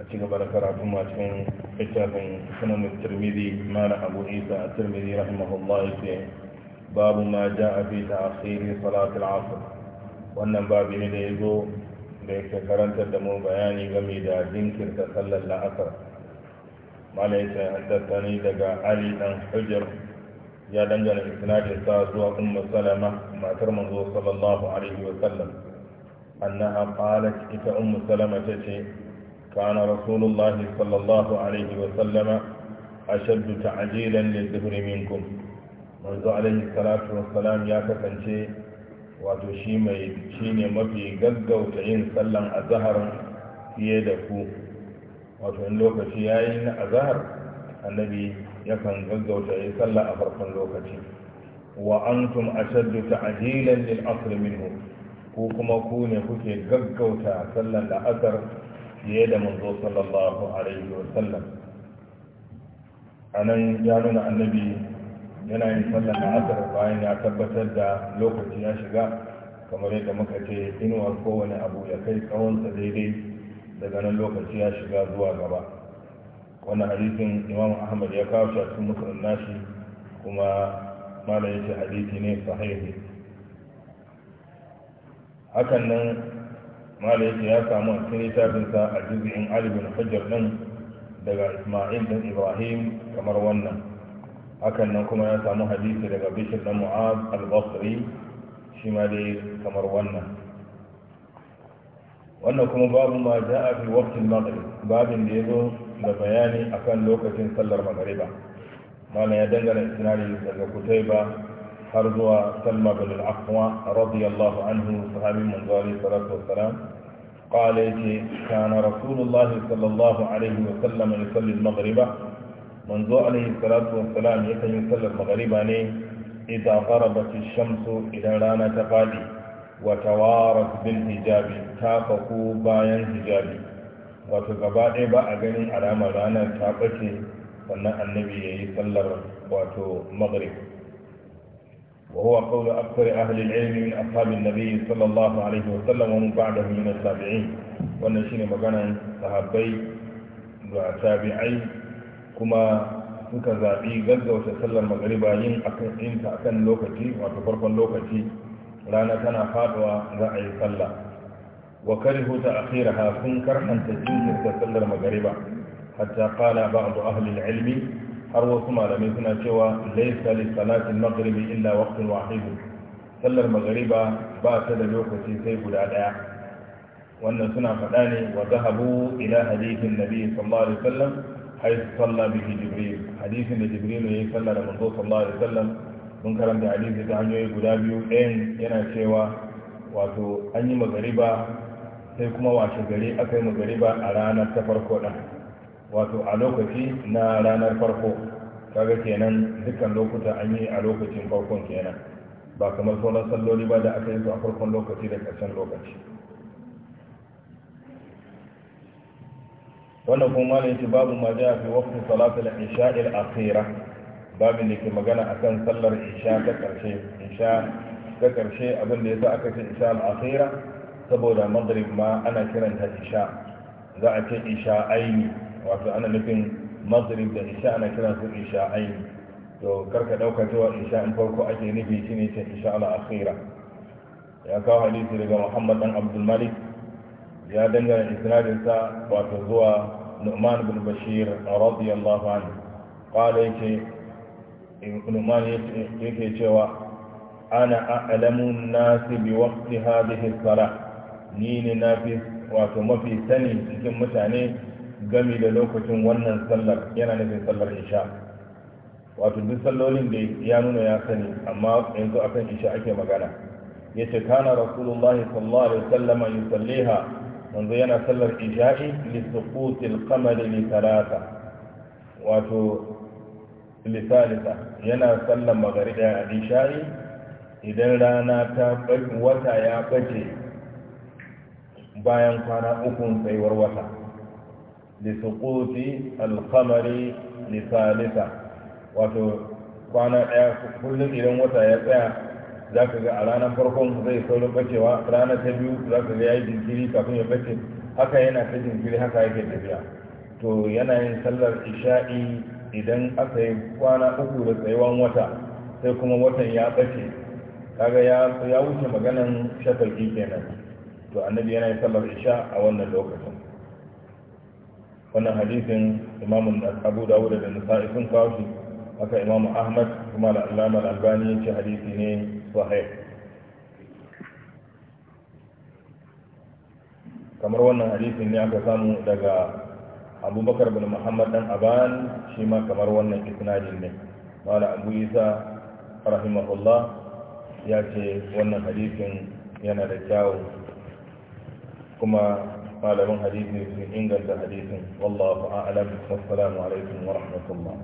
a ci gaba da karatu ma cikin littafin sunan tirmidhi mana abu isa a tirmidhi rahimahullah ce babu ma ja a fi ta'khiri salatul asr wannan babu ne da ya zo da yake karantar da mu bayani game da jinkirta sallar la'asar mala ya ce haddathani daga ali dan hujjar ya dangana isnadin sa zuwa ummu salama matar manzo sallallahu alaihi wa sallam annaha qalat ita ummu salama tace كان رسول الله صلى الله عليه وسلم أشد تعجيلا للظهر منكم منذ عليه الصلاة والسلام يا كسنشي wato shi mai shi ne mafi gaggauta yin sallan azahar fiye da ku wato in lokaci ya yi na azahar annabi yakan gaggauta yin sallah a farkon lokaci wa antum ashaddu ta'jilan ku kuma ku ne kuke gaggauta sallan da fiye da manzo sallallahu alaihi wa a nan ya nuna annabi yana yin sallar da asar bayan ya tabbatar da lokaci ya shiga kamar yadda muka ce inuwar kowane abu ya kai tsawonsa daidai daga nan lokaci ya shiga zuwa gaba wannan hadisin imam ahmad ya kawo shi a cikin musulun nashi kuma malam ya ce hadisi ne sahihi hakan nan mala ya samu a cikin littafinsa a jizgin alibin hujjar nan daga ismail dan ibrahim kamar wannan hakan nan kuma ya samu hadisi daga bishir dan mu'az al-basri shi ma dai kamar wannan wannan kuma babu ma ja'a fi waqtil maghrib babin da ya zo da bayani akan lokacin sallar magriba mala ya dangana isnadi daga ba. har zuwa salma bin al'akwa radiyallahu anhu sahabin manzari salatu wassalam قال يتي كان رسول الله صلى الله عليه وسلم يصلي المغرب منذ عليه الصلاة والسلام يكن يصلي المغرب rana ta الشمس إلى رانا تقالي hijabi, بالهجاب تافقوا bayan hijabi, wato gaba ɗaya ba a ganin alamar ranar ta ɓace sannan annabi ya yi sallar wato maghrib وهو قول أكثر أهل العلم من أصحاب النبي صلى الله عليه وسلم ومن بعده من التابعين والنشين مقانا صحابي وتابعي كما suka zaɓi gaggauta sallar magariba yin yin ta akan lokaci wato farkon lokaci rana tana faduwa za a yi sallah wa karihu ta akhiraha sun karhanta jinkirta sallar magariba hatta qala ba'du ahli ilmi har wasu malamai suna cewa laisa li salatin maghribi illa waqtun wahid sallar maghriba ba ta da lokaci sai guda daya wannan suna faɗa ne wa zahabu ila hadithin nabi sallallahu alaihi wasallam haythu salla bihi jibril hadithin da jibril yayi sallar da manzo sallallahu alaihi wasallam mun karanta hadisi ta hanyoyi guda biyu ɗayan yana cewa wato an yi maghriba sai kuma washe gari aka yi maghriba a ranar ta farko ɗin wato a lokaci na ranar farko kaga kenan dukkan lokuta an yi a lokacin farkon kenan ba kamar sauran salloli ba da aka yi su a farkon lokaci da ƙarshen lokaci wannan kuma ne shi babu ma ja fi waqti salatul isha'il a akhira babin da ke magana akan sallar isha ta ƙarshe isha ta ƙarshe abin da yasa aka ce isha al akhira saboda madrid ma ana kiranta isha za a ce isha aini wato ana nufin maghrib da isha ana kira su isha'ain to karka ɗauka cewa isha in farko ake nufi shine ce isha al akhira ya kawo hadisi daga Muhammad dan Abdul Malik ya dangana isnadin sa wato zuwa Nu'man bin Bashir radiyallahu anhu qala yake Nu'man yake cewa ana a'lamu an-nasi bi waqti hadhihi as-salah ni ne nafi wato mafi sani cikin mutane gami da lokacin wannan sallar yana nufin sallar isha wato duk sallolin da ya nuna ya sani amma yanzu akan isha ake magana ya ce kana rasulullah sallallahu alaihi wasallam yusalliha manzo yana sallar isha'i li kama da li wato li yana sallar magariba isha'i idan rana ta wata ya bace bayan kwana ukun tsayuwar wata لسقوط alkamari لثالثة wato kwana ɗaya kullum idan wata ya tsaya za ka ga a ranar farkon zai saurin bacewa rana ta biyu za ka ga ya yi jinkiri kafin ya bace haka yana ta jinkiri haka yake tafiya to yana yin sallar isha'i idan aka yi kwana uku da tsayuwan wata sai kuma watan ya bace kaga ya wuce maganan shafarki kenan to annabi yana yin sallar isha a wannan lokacin wannan hadisin imamun abu dawud da nisa'i sun kawo shi haka imamu ahmad kuma da allama albani ya ce hadisi ne sahih kamar wannan hadisin ne aka samu daga abubakar bin muhammad dan aban shi ma kamar wannan isnadin ne mala abu isa rahimahullah ya ce wannan hadisin yana da kyawu kuma قال من حديث ابن عند حديث والله اعلم والسلام عليكم ورحمه الله